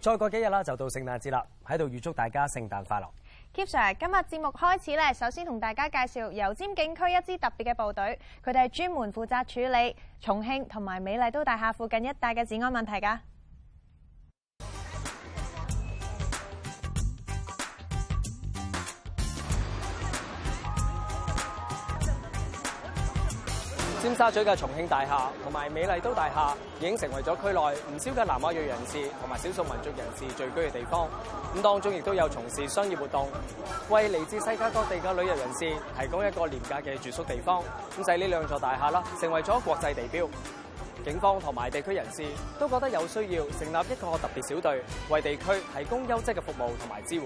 再過幾日啦，就到聖誕節啦，喺度預祝大家聖誕快樂 Keep Sir。今日節目開始咧，首先同大家介紹油尖警區一支特別嘅部隊，佢哋係專門負責處理重慶同埋美麗都大廈附近一帶嘅治安問題噶。尖沙咀嘅重慶大廈同埋美麗都大廈已經成為咗區內唔少嘅南亞裔人士同埋少數民族人士聚居嘅地方。咁當中亦都有從事商業活動，為嚟自世界各地嘅旅遊人士提供一個廉價嘅住宿地方。咁係呢兩座大廈啦，成為咗國際地標。警方同埋地區人士都覺得有需要成立一個特別小隊，為地區提供優質嘅服務同埋支援。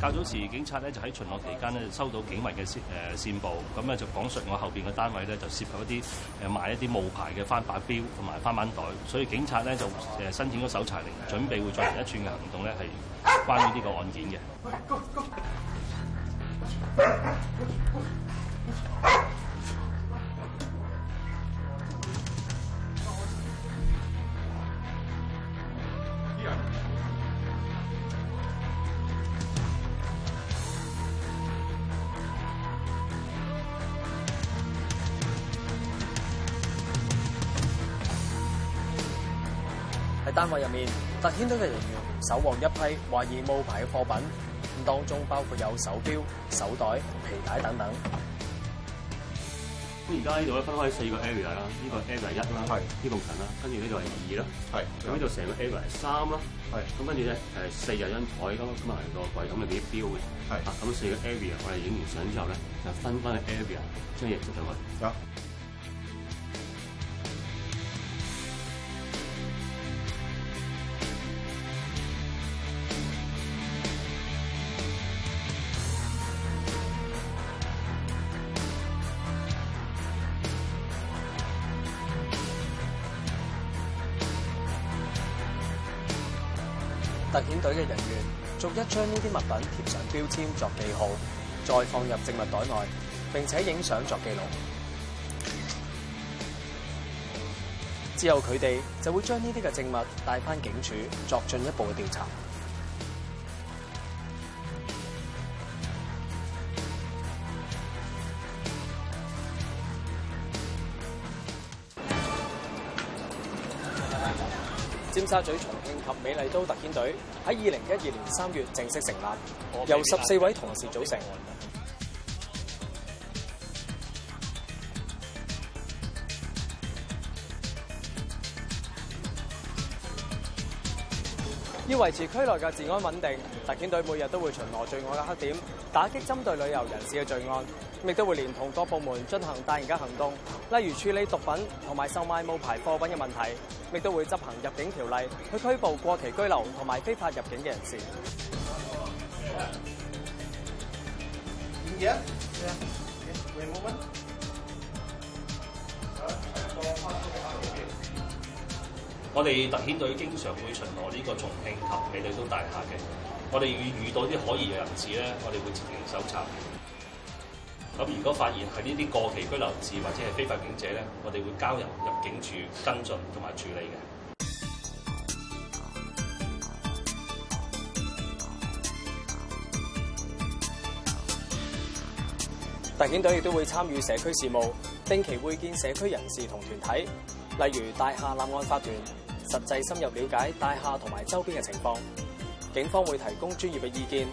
較早時，警察咧就喺巡邏期間咧收到警民嘅線誒線報，咁咧就講述我後邊嘅單位咧就涉及一啲誒賣一啲冒牌嘅翻版錶同埋翻版袋，所以警察咧就誒申請咗搜查令，準備會進行一串嘅行動咧係關於呢個案件嘅。喂 go, go. 單位入面，特遣隊嘅人員搜獲一批懷疑冒牌嘅貨品，咁當中包括有手表、手袋、皮帶等等。咁而家呢度咧分開四個 area 啦，呢個 area 一啦，係是呢層啦，跟住呢度係二啦，係咁呢度成個 area 三啦，係咁跟住咧誒四日張台咁啊係個櫃咁啊幾啲表嘅，係啊咁四個 area 是我哋影完相之後咧就分翻去 area 將嘢處理啦。是將呢啲物品貼上標籤作記號，再放入證物袋內，並且影相作記錄。之後，佢哋就會將呢啲嘅證物帶翻警署，作進一步嘅調查。沙咀、重慶及美麗都特遣隊喺二零一二年三月正式成立，由十四位同事組成。維持區內嘅治安穩定，特遣隊每日都會巡邏罪案嘅黑點，打擊針對旅遊人士嘅罪案，亦都會連同各部門進行大型嘅行動，例如處理毒品同埋售賣冒牌貨品嘅問題，亦都會執行入境條例去拘捕過期居留同埋非法入境嘅人士。Yeah. Yeah. Yeah. Yeah. Yeah. 我哋特遣隊經常會巡邏呢個重慶及美麗都大廈嘅，我哋遇遇到啲可疑嘅人士咧，我哋會積極搜查。咁如果發現係呢啲過期居留治或者係非法警者咧，我哋會交由入境處跟進同埋處理嘅。特遣隊亦都會參與社區事務，定期會見社區人士同團體，例如大廈立案法團。實際深入了解大廈同埋周邊嘅情況，警方會提供專業嘅意見。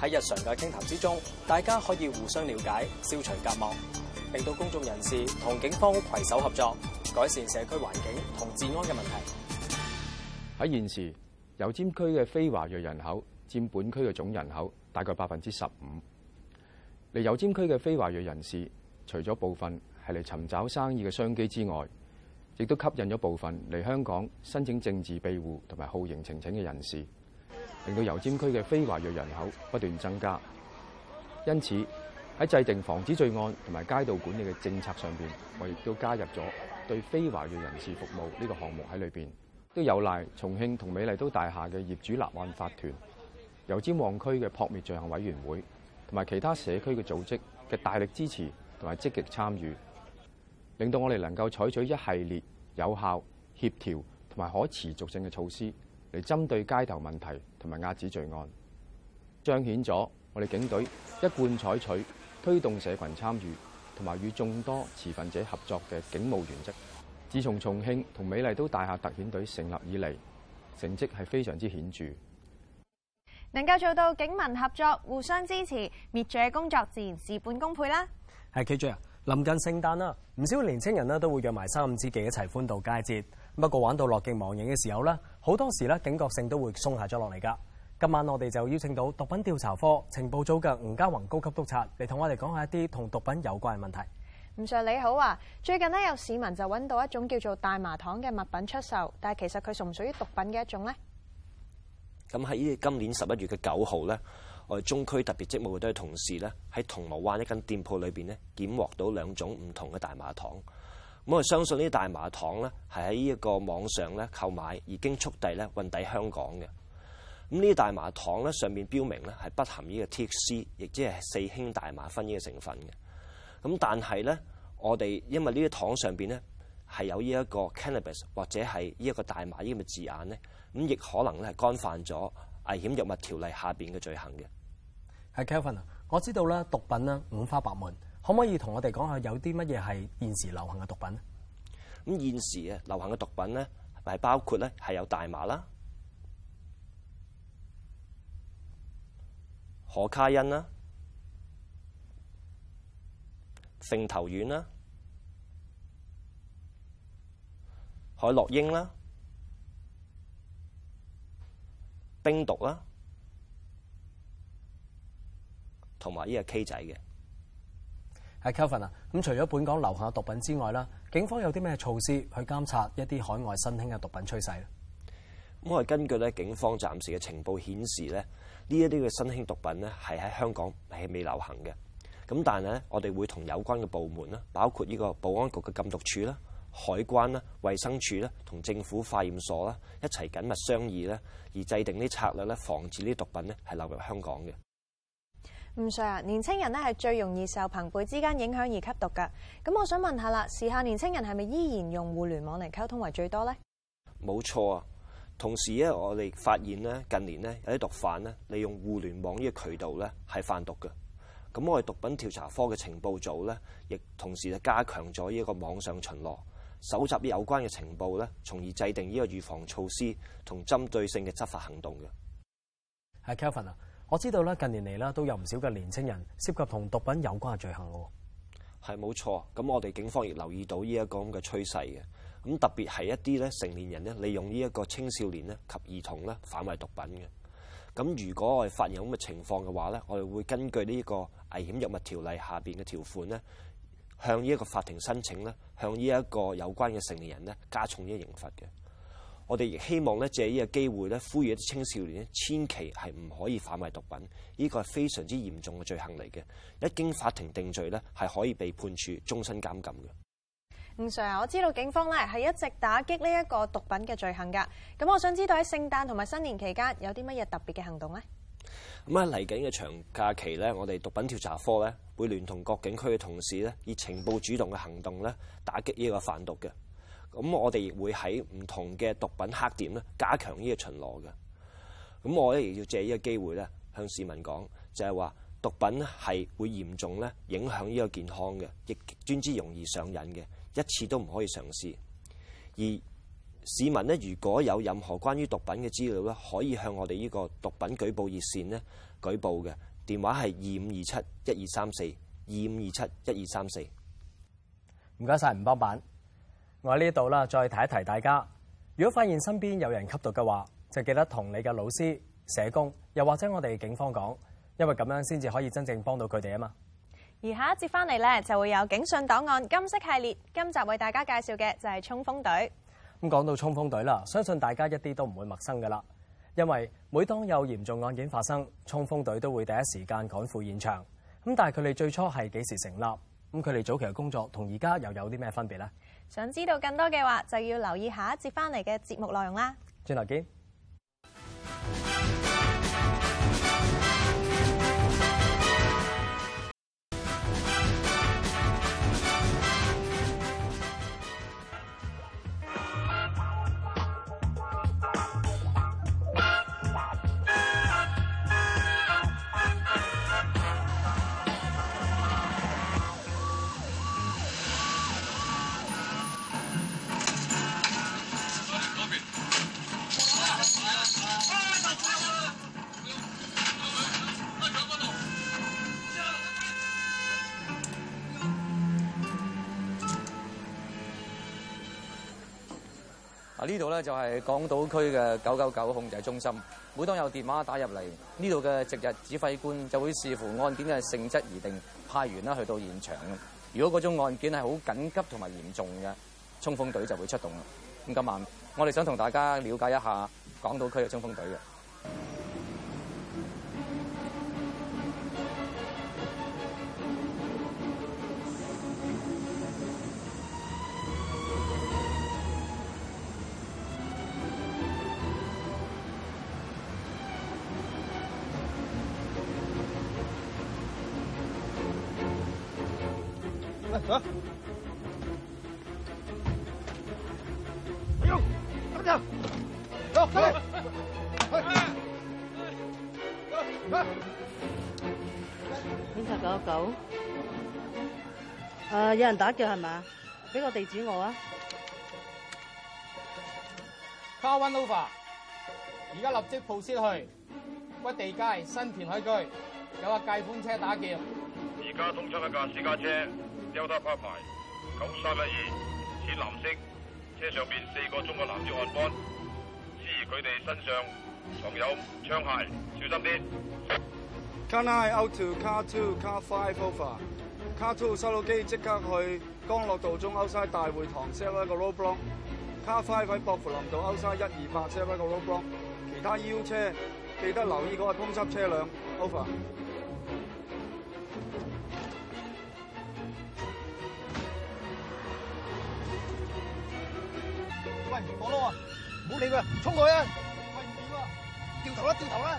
喺日常嘅傾談之中，大家可以互相了解，消除隔膜，令到公眾人士同警方攜手合作，改善社區環境同治安嘅問題。喺現時，油尖區嘅非華裔人口佔本區嘅總人口大概百分之十五。嚟油尖區嘅非華裔人士，除咗部分係嚟尋找生意嘅商機之外，亦都吸引咗部分嚟香港申請政治庇護同埋酷刑聲請嘅人士，令到油尖區嘅非華裔人口不斷增加。因此喺制定防止罪案同埋街道管理嘅政策上邊，我亦都加入咗對非華裔人士服務呢個項目喺裏邊，都有賴重慶同美麗都大廈嘅業主立案法團，油尖旺區嘅撲滅罪行委員會同埋其他社區嘅組織嘅大力支持同埋積極參與。令到我哋能夠採取一系列有效、協調同埋可持續性嘅措施，嚟針對街頭問題同埋遏止罪案，彰顯咗我哋警隊一貫採取推動社群參與同埋與眾多持份者合作嘅警務原則。自從重慶同美麗都大廈特遣隊成立以嚟，成績係非常之顯著，能夠做到警民合作、互相支持，滅罪工作自然事半功倍啦。係 KJ 啊！臨近聖誕啦，唔少年青人咧都會約埋三五知己一齊歡度佳節。不過玩到樂極忘形嘅時候咧，好多時咧警覺性都會鬆下咗落嚟噶。今晚我哋就邀請到毒品調查科情報組嘅吳家宏高級督察嚟同我哋講下一啲同毒品有關嘅問題。吳 sir 你好啊！最近咧有市民就揾到一種叫做大麻糖嘅物品出售，但係其實佢屬唔屬於毒品嘅一種咧？咁喺今年十一月嘅九號咧。我哋中區特別職務隊同事咧，喺銅鑼灣一間店鋪裏邊咧，檢獲到兩種唔同嘅大麻糖。咁我相信呢啲大麻糖咧，係喺呢一個網上咧購買，已經速遞咧運抵香港嘅。咁呢啲大麻糖咧，上面標明咧係不含呢個 THC 亦即係四氫大麻酚依嘅成分嘅。咁但係咧，我哋因為呢啲糖上邊咧係有呢一個 cannabis 或者係呢一個大麻呢咁嘅字眼咧，咁亦可能咧係干犯咗。危險藥物條例下邊嘅罪行嘅，係 Kelvin 啊，我知道啦，毒品啦五花八門，可唔可以同我哋講下有啲乜嘢係現時流行嘅毒品呢？咁現時啊，流行嘅毒品咧，係包括咧係有大麻啦、可卡因啦、成頭丸啦、海洛因啦。冰毒啦，同埋呢個 K 仔嘅，係 Calvin 啊。咁除咗本港流行嘅毒品之外啦，警方有啲咩措施去監察一啲海外新興嘅毒品趨勢咧？咁我係根據咧警方暫時嘅情報顯示咧，呢一啲嘅新興毒品咧係喺香港係未流行嘅。咁但係咧，我哋會同有關嘅部門啦，包括呢個保安局嘅禁毒處啦。海關啦、衞生署啦，同政府化驗所啦一齊緊密商議咧，而制定啲策略咧，防止啲毒品咧係流入香港嘅。吳 Sir 啊，年輕人咧係最容易受朋輩之間影響而吸毒㗎。咁我想問下啦，時下年輕人係咪依然用互聯網嚟溝通為最多咧？冇錯啊。同時咧，我哋發現咧近年咧有啲毒販咧利用互聯網呢個渠道咧係販毒㗎。咁我哋毒品調查科嘅情報組咧亦同時就加強咗呢一個網上巡邏。搜集有關嘅情報咧，從而制定呢個預防措施同針對性嘅執法行動嘅。係 Kelvin 啊，我知道咧近年嚟咧都有唔少嘅年青人涉及同毒品有關嘅罪行喎。係冇錯，咁我哋警方亦留意到呢一個咁嘅趨勢嘅。咁特別係一啲咧成年人咧利用呢一個青少年咧及兒童咧販賣毒品嘅。咁如果我哋發現咁嘅情況嘅話咧，我哋會根據呢一個危險藥物條例下邊嘅條款咧。向呢一個法庭申請咧，向呢一個有關嘅成年人咧加重呢個刑罰嘅。我哋亦希望咧借呢個機會咧，呼籲一啲青少年咧千祈係唔可以販賣毒品，呢個係非常之嚴重嘅罪行嚟嘅。一經法庭定罪咧，係可以被判處終身監禁嘅。吳 Sir，我知道警方咧係一直打擊呢一個毒品嘅罪行㗎。咁我想知道喺聖誕同埋新年期間有啲乜嘢特別嘅行動咧？咁喺嚟緊嘅長假期咧，我哋毒品調查科咧會聯同各警區嘅同事咧，以情報主動嘅行動咧打擊呢個販毒嘅。咁我哋亦會喺唔同嘅毒品黑點咧加強呢個巡邏嘅。咁我咧亦要借呢個機會咧向市民講，就係話毒品係會嚴重咧影響呢個健康嘅，亦專之容易上癮嘅，一次都唔可以嘗試。而市民咧，如果有任何關於毒品嘅資料咧，可以向我哋呢個毒品舉報熱線咧舉報嘅電話係二五二七一二三四二五二七一二三四。唔該晒，吳幫辦，我喺呢度啦，再提一提大家。如果發現身邊有人吸毒嘅話，就記得同你嘅老師、社工，又或者我哋警方講，因為咁樣先至可以真正幫到佢哋啊嘛。而下一節翻嚟咧，就會有警訊檔案金色系列，今集為大家介紹嘅就係衝鋒隊。咁講到衝鋒隊啦，相信大家一啲都唔會陌生噶啦。因為每當有嚴重案件發生，衝鋒隊都會第一時間趕赴現場。咁但係佢哋最初係幾時成立？咁佢哋早期嘅工作同而家又有啲咩分別呢？想知道更多嘅話，就要留意下一節翻嚟嘅節目內容啦。轉頭見。呢度咧就係港島區嘅九九九控制中心。每當有電話打入嚟，呢度嘅值日指揮官就會視乎案件嘅性質而定派員啦去到現場。如果嗰種案件係好緊急同埋嚴重嘅，衝鋒隊就會出動。咁今晚我哋想同大家了解一下港島區嘅衝鋒隊嘅。誒，uh, 有人打劫係咪？俾個地址我啊！Car one over，而家立即布線去屈地街新田海居，有架計款車打劫。而家通出一架私家車，丟得車牌九三一二，淺藍色，車上邊四個中國男子漢幫，知佢哋身上藏有槍械，小心啲。Car one out to car two, car five over。卡 Car two 收到機，即刻去江樂道中歐山大會堂 set 一個 roadblock。卡 Car five 喺薄扶林道歐山一二八 set 一個 roadblock。其他 U 車記得留意嗰個通緝車輛。Over。喂，陀螺啊，唔好理佢，衝佢啊！喂唔掂啊，掉頭啦，掉頭啦！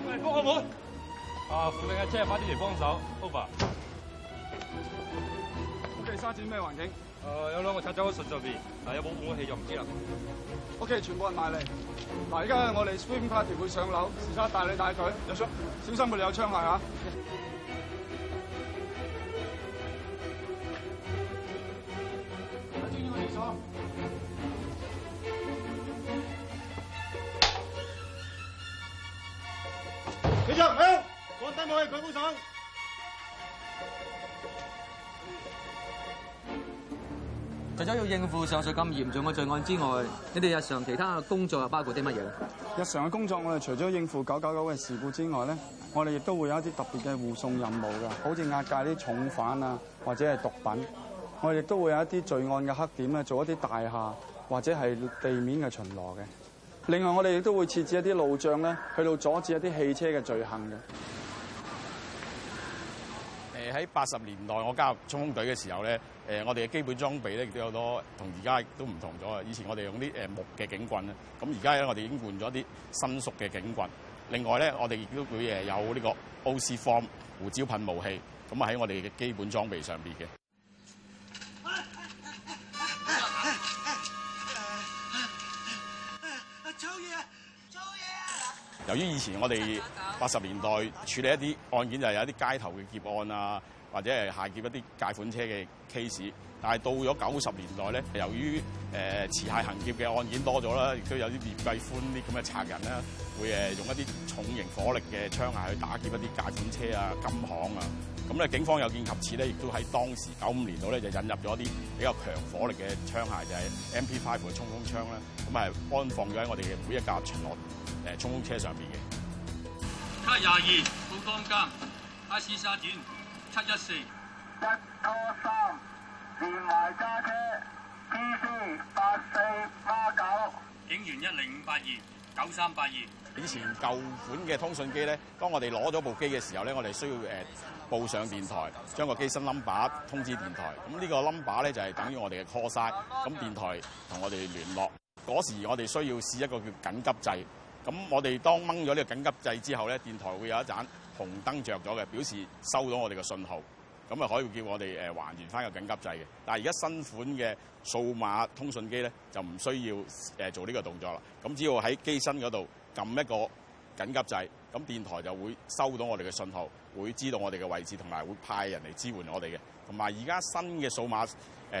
幫個門，啊，附近嘅車快啲嚟幫手，over。O.K. 沙展咩環境？誒、uh,，有兩個橙走嘅樹在邊，嗱，有冇武器就唔知啦。O.K. 全部人埋嚟，嗱，而家我哋 swim party 會上樓，時差帶你帶佢，有槍，小心佢哋有槍械啊！除咗要應付上述咁嚴重嘅罪案之外，你哋日常其他嘅工作又包括啲乜嘢咧？日常嘅工作，我哋除咗應付九九九嘅事故之外咧，我哋亦都會有一啲特別嘅護送任務噶，好似押解啲重犯啊，或者係毒品。我哋亦都會有一啲罪案嘅黑點咧，做一啲大廈或者係地面嘅巡邏嘅。另外，我哋亦都會設置一啲路障咧，去到阻止一啲汽車嘅罪行嘅。喺八十年代我加入衝鋒隊嘅時候咧，誒我哋嘅基本裝備咧，亦都有好多同而家都唔同咗啊！以前我哋用啲誒木嘅警棍啊，咁而家咧，我哋已經換咗啲伸縮嘅警棍。另外咧，我哋亦都會誒有呢個 O.C.Form 胡椒噴霧器，咁啊喺我哋嘅基本裝備上邊嘅。由於以前我哋八十年代處理一啲案件就係、是、有一啲街頭嘅劫案啊，或者係械劫一啲解款車嘅 case，但係到咗九十年代咧，由於誒持械行劫嘅案件多咗啦，亦都有啲業界寬啲咁嘅賊人啦，會誒用一啲重型火力嘅槍械去打劫一啲解款車啊、金行啊，咁咧警方有見及此咧，亦都喺當時九五年度咧就引入咗一啲比較強火力嘅槍械，就係、是、MP5 嘅衝鋒槍啦，咁係安放咗喺我哋嘅每一架巡邏。誒，衝鋒車上面嘅？七廿二到當間 I C 沙展七一四一九三連環揸車 P C 八四八九警員一零五八二九三八二。以前舊款嘅通訊機咧，當我哋攞咗部機嘅時候咧，我哋需要誒報上電台，將個機身 number 通知電台。咁呢個 number 咧就係、是、等於我哋嘅 call sign 咁電台同我哋聯絡嗰時我哋需要試一個叫緊急制。咁我哋當掹咗呢個緊急掣之後咧，電台會有一盞紅燈着咗嘅，表示收到我哋嘅信號，咁啊，可以叫我哋誒還原翻個緊急掣嘅。但係而家新款嘅數碼通訊機咧，就唔需要誒做呢個動作啦。咁只要喺機身嗰度撳一個緊急掣，咁電台就會收到我哋嘅信號，會知道我哋嘅位置，同埋會派人嚟支援我哋嘅。同埋而家新嘅數碼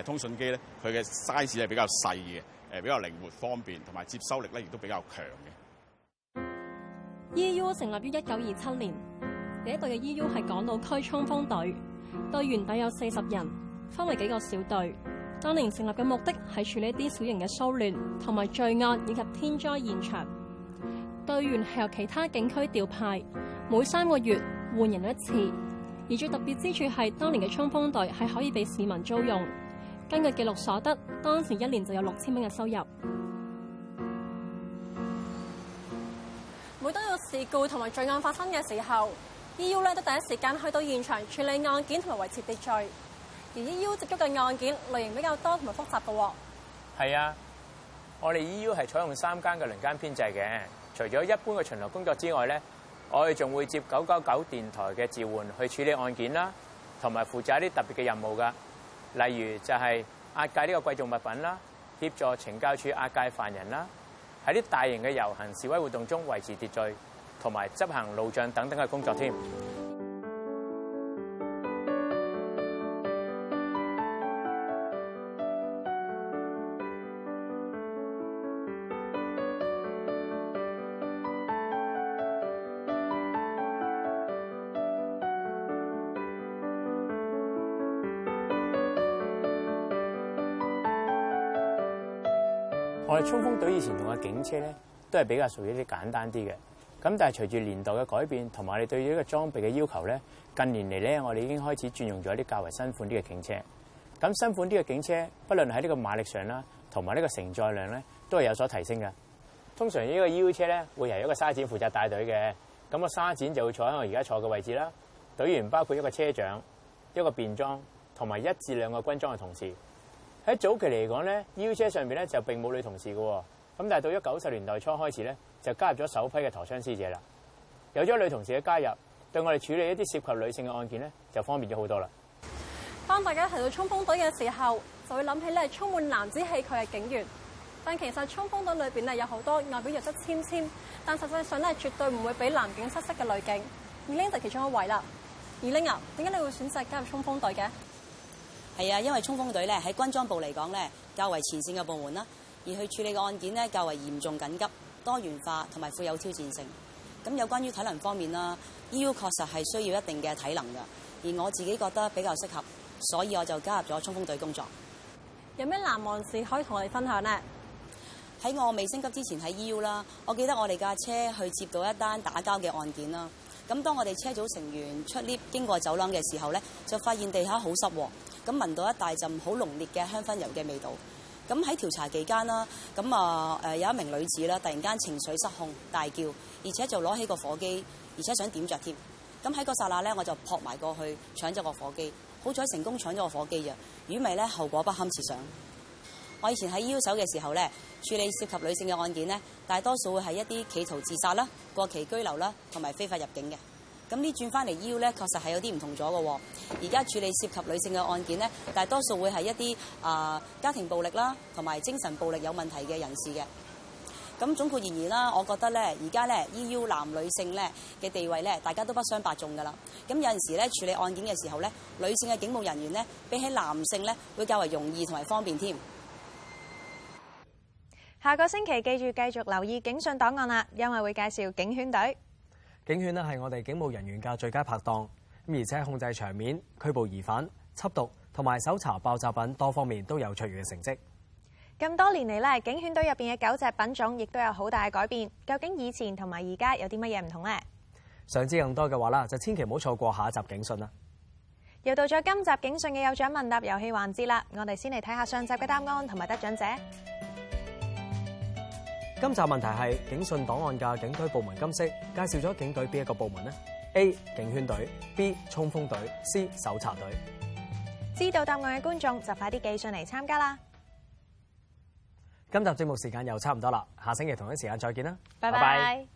通訊機咧，佢嘅 size 係比較細嘅，誒比較靈活方便，同埋接收力咧亦都比較強嘅。EU 成立於一九二七年，第一隊嘅 EU 係港島區衝鋒隊，隊員底有四十人，分為幾個小隊。當年成立嘅目的係處理一啲小型嘅騷亂同埋罪案以及天災現場。隊員係由其他警區調派，每三個月換人一次。而最特別之處係當年嘅衝鋒隊係可以俾市民租用。根據記錄所得，當時一年就有六千蚊嘅收入。事故同埋罪案發生嘅時候，E.U. 咧都第一時間去到現場處理案件同埋維持秩序。而 E.U. 接觸嘅案件類型比較多同埋複雜嘅。係啊，我哋 E.U. 係採用三間嘅輪間編制嘅。除咗一般嘅巡邏工作之外咧，我哋仲會接九九九電台嘅召喚去處理案件啦，同埋負責一啲特別嘅任務嘅，例如就係押解呢個貴重物品啦，協助懲教署押解犯人啦，喺啲大型嘅遊行示威活動中維持秩序。同埋執行路障等等嘅工作添。我哋衝鋒隊以前用嘅警車咧，都係比較屬於啲簡單啲嘅。咁但係隨住年代嘅改變，同埋你對於呢個裝備嘅要求咧，近年嚟咧，我哋已經開始轉用咗一啲較為新款啲嘅警車。咁新款啲嘅警車，不論喺呢個馬力上啦，同埋呢個承載量咧，都係有所提升嘅。通常呢個 EU 車咧，會由一個沙展負責帶隊嘅。咁個沙展就會坐喺我而家坐嘅位置啦。隊員包括一個車長、一個便裝同埋一至兩個軍裝嘅同事。喺早期嚟講咧，U 車上面咧就並冇女同事嘅。咁但係到咗九十年代初開始咧。就加入咗首批嘅陀槍師姐啦。有咗女同事嘅加入，對我哋處理一啲涉及女性嘅案件咧，就方便咗好多啦。當大家提到衝鋒隊嘅時候，就會諗起咧充滿男子氣概嘅警員，但其實衝鋒隊裏邊咧有好多外表弱質纖纖，但實際上咧絕對唔會比男警失色嘅女警。而玲就其中一位啦。而玲啊，點解你會選擇加入衝鋒隊嘅？係啊，因為衝鋒隊咧喺軍裝部嚟講咧較為前線嘅部門啦，而去處理嘅案件咧較為嚴重緊急，多元化同埋富有挑戰性，咁有關於體能方面啦，EU 確實係需要一定嘅體能嘅，而我自己覺得比較適合，所以我就加入咗衝鋒隊工作。有咩難忘事可以同我哋分享呢？喺我未升級之前喺 EU 啦，我記得我哋架車去接到一單打交嘅案件啦。咁當我哋車組成員出 lift 經過走廊嘅時候呢，就發現地下好濕喎，咁聞到一大陣好濃烈嘅香薰油嘅味道。咁喺調查期間啦，咁啊有一名女子啦，突然間情緒失控，大叫，而且就攞起個火機，而且想點着添。咁喺個剎那咧，我就撲埋過去搶咗個火機，好彩成功搶咗個火機嘅，如未咧，後果不堪設想。我以前喺 EU 手嘅時候咧，處理涉及女性嘅案件咧，大多數會係一啲企圖自殺啦、過期居留啦同埋非法入境嘅。咁、e、呢轉翻嚟，EU 咧確實係有啲唔同咗嘅。而家處理涉及女性嘅案件呢，大多數會係一啲啊、呃、家庭暴力啦，同埋精神暴力有問題嘅人士嘅。咁總括而言啦，我覺得咧，而家咧 EU 男女性咧嘅地位咧，大家都不相伯仲噶啦。咁有陣時咧，處理案件嘅時候咧，女性嘅警務人員咧比起男性咧會較為容易同埋方便添。下個星期記住繼續留意警訊檔案啦，因為會介紹警犬隊。警犬咧係我哋警務人員嘅最佳拍檔，咁而且控制場面、拘捕疑犯、緝毒同埋搜查爆炸品多方面都有卓越嘅成績。咁多年嚟咧，警犬隊入邊嘅狗隻品種亦都有好大嘅改變。究竟以前同埋而家有啲乜嘢唔同呢？想知更多嘅話啦，就千祈唔好錯過下一集警訊啦。又到咗今集警訊嘅有獎問答遊戲環節啦，我哋先嚟睇下上集嘅答案同埋得獎者。今集問題係警訊檔案嘅警隊部門，今集介紹咗警隊邊一個部門呢？A. 警犬隊，B. 衝鋒隊，C. 搜查隊。知道答案嘅觀眾就快啲寄信嚟參加啦！今集節目時間又差唔多啦，下星期同一時間再見啦，拜拜。